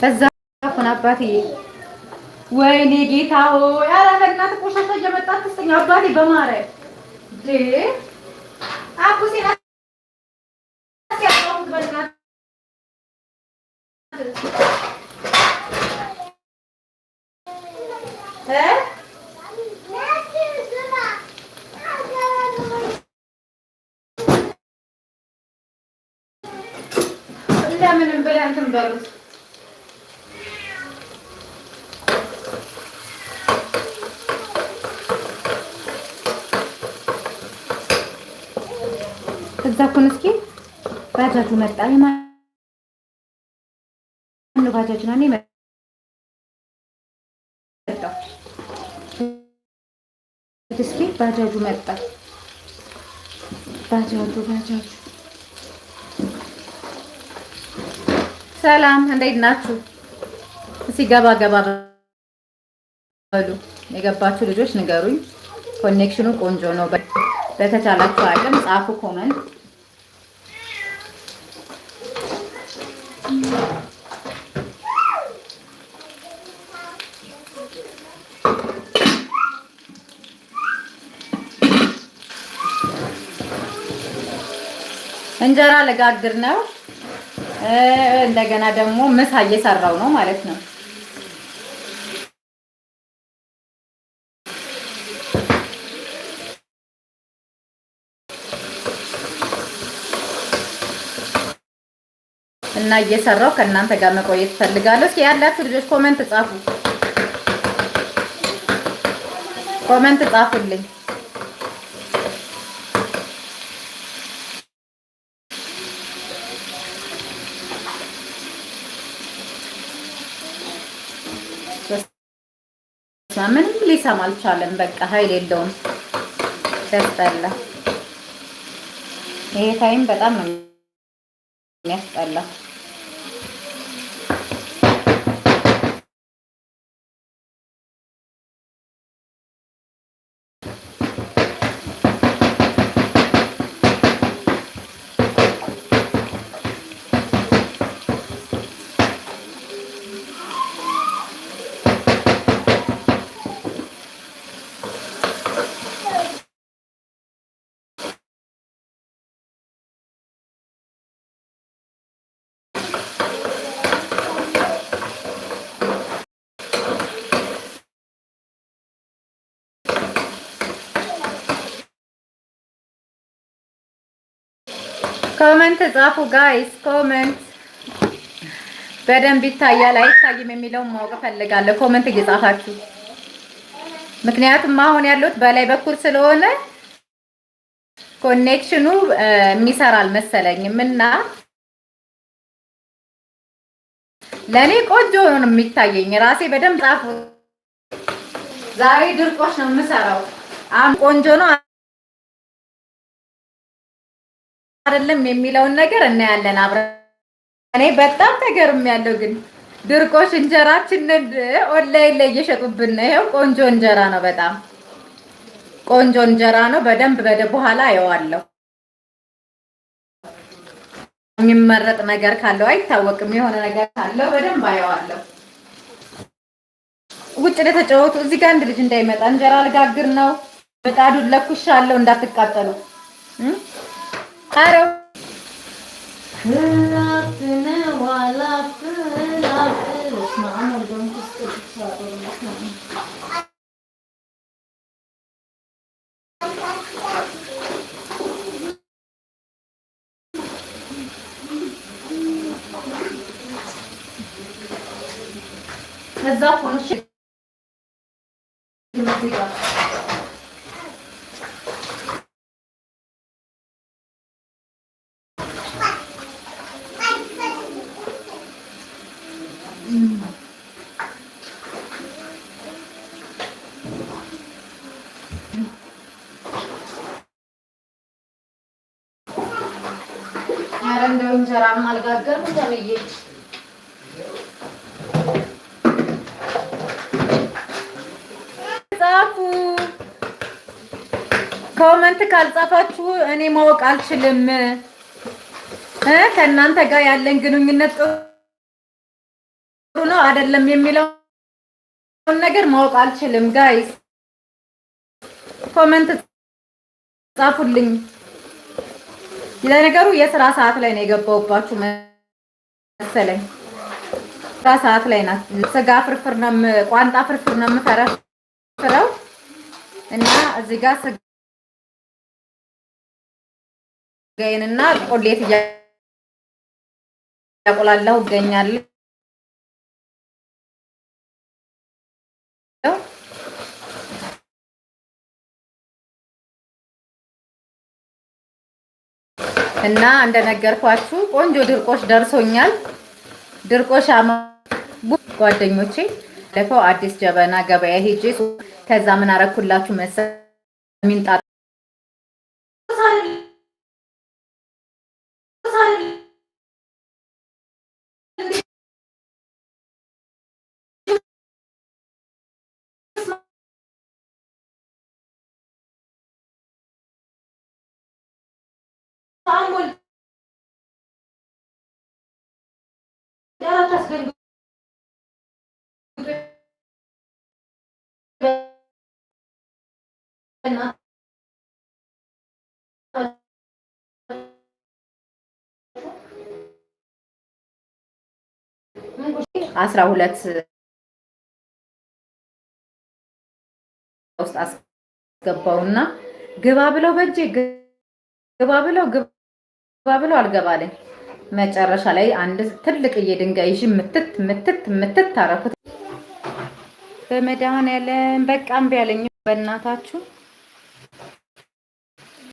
በዛ አሁን አባቴ ወይኔ ጌታ ሆይ፣ ኧረ በእናትህ ቆሻሻ እየመጣህ ትስጠኝ አባቴ በማረ? ለምንም ብለህ እንትን በሉት እዛኩን እስኪ ባጃጁ መጣ። የማነው ባጃጅ ነው እስኪ ባጃጁ መጣ። ባጃጁ ባጃጁ። ሰላም እንዴት ናችሁ? እስኪ ገባ ገባ በሉ የገባችሁ ልጆች ንገሩኝ። ኮኔክሽኑ ቆንጆ ነው። በተቻላችሁ አቅም ጻፉ ኮመንት እንጀራ ልጋግር ነው። እንደገና ደግሞ ምሳ እየሰራው ነው ማለት ነው። እና እየሰራው ከእናንተ ጋር መቆየት ፈልጋለሁ። እስኪ ያላችሁ ልጆች ኮመንት ጻፉ፣ ኮመንት ጻፉልኝ። ምንም ሊሰማ አልቻለም። በቃ ኃይል የለውም። ያስጠላ። ይሄ ታይም በጣም ነው የሚያስጠላ። ኮመንት ጻፉ ጋይስ፣ ኮመንት በደንብ ይታያል አይታይም የሚለውን ማወቅ እፈልጋለሁ። ኮመንት እየጻፋችሁ ምክንያቱም አሁን ያለሁት በላይ በኩል ስለሆነ ኮኔክሽኑ የሚሰራ አልመሰለኝም እና ለእኔ ቆንጆ ሆኖ ነው የሚታየኝ። ራሴ በደንብ ጻፉ። ዛሬ ድርቆች ነው የምሰራው። አሁን ቆንጆ ነው። አይደለም የሚለውን ነገር እናያለን አብረን። እኔ በጣም ተገርም ያለው ግን ድርቆሽ እንጀራችንን ኦንላይን ላይ እየሸጡብን ነው። ይኸው ቆንጆ እንጀራ ነው፣ በጣም ቆንጆ እንጀራ ነው። በደንብ በደ በኋላ አየዋለሁ። የሚመረጥ ነገር ካለው አይታወቅም፣ የሆነ ነገር ካለው በደንብ አየዋለሁ። ውጭ ለተጫወቱ እዚህ ጋር አንድ ልጅ እንዳይመጣ እንጀራ ልጋግር ነው። ለኩሻ አለው እንዳትቃጠሉ قارو خربنا ولا خرب اسمع عمر دون بالظبط ونشيل ኧረ እንደው እንጀራም አልጋገርም ተምዬ ኮመንት ካልጻፋችሁ እኔ ማወቅ አልችልም እ ከእናንተ ጋር ያለን ግንኙነት ጥሩ ነው አይደለም የሚለውን ነገር ማወቅ አልችልም። ጋይስ ኮመንት ጻፉልኝ። ለነገሩ የስራ ሰዓት ላይ ነው የገባውባችሁ መሰለኝ። ስራ ሰዓት ላይ ናት። ስጋ ፍርፍር ነው ቋንጣ ፍርፍር ነው የምፈረፍረው እና እዚህ ጋር ስጋዬንና ቆሌት እያቆላለሁ እገኛለሁ። እና እንደነገርኳችሁ ቆንጆ ድርቆሽ ደርሶኛል። ድርቆሽ ጓደኞቼ ለፈው አዲስ ጀበና ገበያ ሄጄ ከዛ ምን አረኩላችሁ መሰ ሚንጣ አሞል አስራ ሁለት ውስጥ አስገባውና ግባ ብለው በእጄ ግባ ብለው ግባ ብሎ አልገባለኝ። መጨረሻ ላይ አንድ ትልቅዬ ድንጋይ ይዤ ምትት ምትት ምትት አደረኩት። በመድኃኒዓለም በቃ እምቢ አለኝ በእናታችሁ